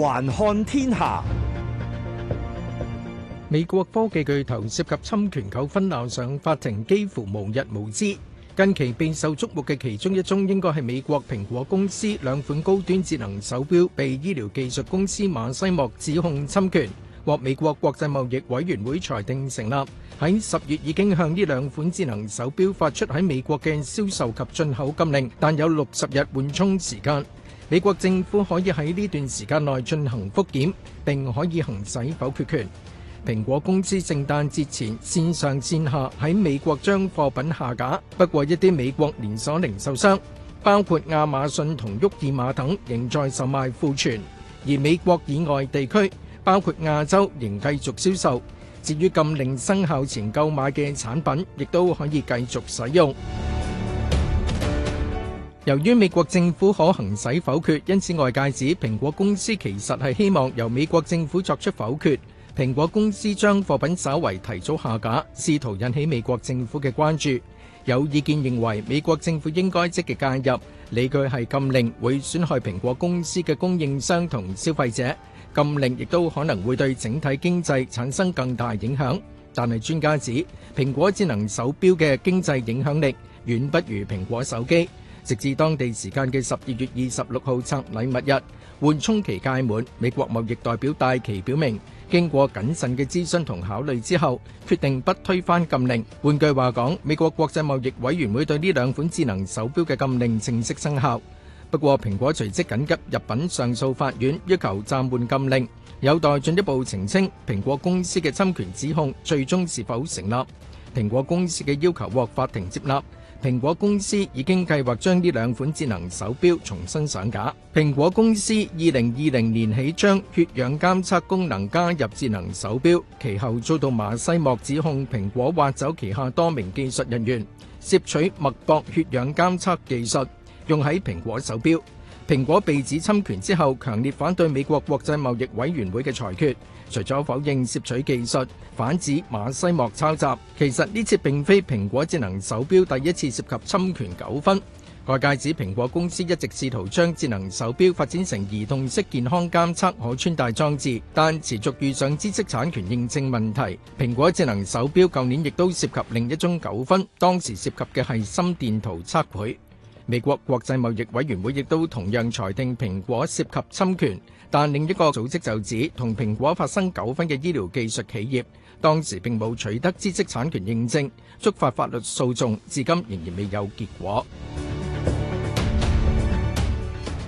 環看天下，美國科技巨頭涉及侵權糾紛鬧上法庭，幾乎無日無之。近期備受矚目嘅其中一宗，應該係美國蘋果公司兩款高端智能手錶被醫療技術公司馬西莫指控侵權，獲美國國際貿易委員會裁定成立。喺十月已經向呢兩款智能手錶發出喺美國嘅銷售及進口禁令，但有六十日緩衝時間。美國政府可以在這段時間內進行復檢並可以行使否決權。蘋果公司聖誕節前，線上線下在美國將貨品下架，不過一啲美國連鎖零售商，包括亞馬遜同沃爾瑪等仍在售賣庫存，而美國以外地區，包括亞洲仍繼續銷售，至於禁令生效前購買嘅產品亦都可以繼續使用。由於美國政府可行使否決，因此外界指，蘋果公司其實係希望由美國政府作出否決。蘋果公司將貨品稍為提早下架，試圖引起美國政府嘅關注。有意見認為美國政府應該積極介入，理據係禁令會損害蘋果公司嘅供應商同消費者。禁令亦都可能會對整體經濟產生更大影響。但係專家指，蘋果智能手錶嘅經濟影響力遠不如蘋果手機。直至當地時間嘅十二月二十六號拆禮物日，緩衝期屆滿，美國貿易代表戴琪表明，經過謹慎嘅諮詢同考慮之後，決定不推翻禁令。換句話講，美國國際貿易委員會對呢兩款智能手錶嘅禁令正式生效。不過，蘋果隨即緊急入稟上訴法院，要求暫緩禁令，有待進一步澄清蘋果公司嘅侵權指控最終是否成立。蘋果公司嘅要求獲法庭接納。蘋果公司已經計劃將呢兩款智能手錶重新上架。蘋果公司2020年起將血氧監測功能加入智能手錶，其後遭到馬西莫指控蘋果挖走旗下多名技術人員，攝取脈搏血氧監測技術，用喺蘋果手錶。蘋果被指侵權之後，強烈反對美國國際貿易委員會嘅裁決。除咗否認攝取技術，反指馬西莫抄襲，其實呢次並非蘋果智能手錶第一次涉及侵權糾紛。外界指蘋果公司一直試圖將智能手錶發展成兒童式健康監測可穿戴裝置，但持續遇上知識產權認證問題。蘋果智能手錶舊年亦都涉及另一宗糾紛，當時涉及嘅係心電圖測繪。美國國際貿易委員會亦都同樣裁定蘋果涉及侵權，但另一個組織就指，同蘋果發生糾紛嘅醫療技術企業，當時並冇取得知識產權認證，觸發法律訴訟，至今仍然未有結果。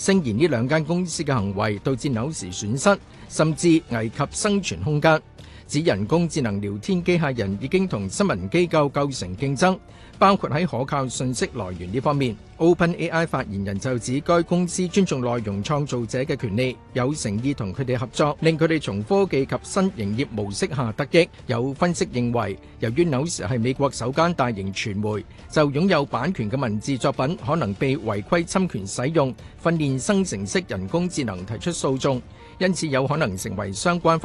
聲言呢兩間公司嘅行為導致紐時損失，甚至危及生存空間。指人工智能聊天機械人已經同新聞機構構成競爭，包括喺可靠信息來源呢方面。OpenAI 發言人就指，該公司尊重內容創造者嘅權利，有誠意同佢哋合作，令佢哋從科技及新營業模式下得益。有分析認為，由於紐時係美國首間大型傳媒，就擁有版權嘅文字作品可能被違規侵權使用訓練。生成式人工智能提出訴訟,因此有可能成為相關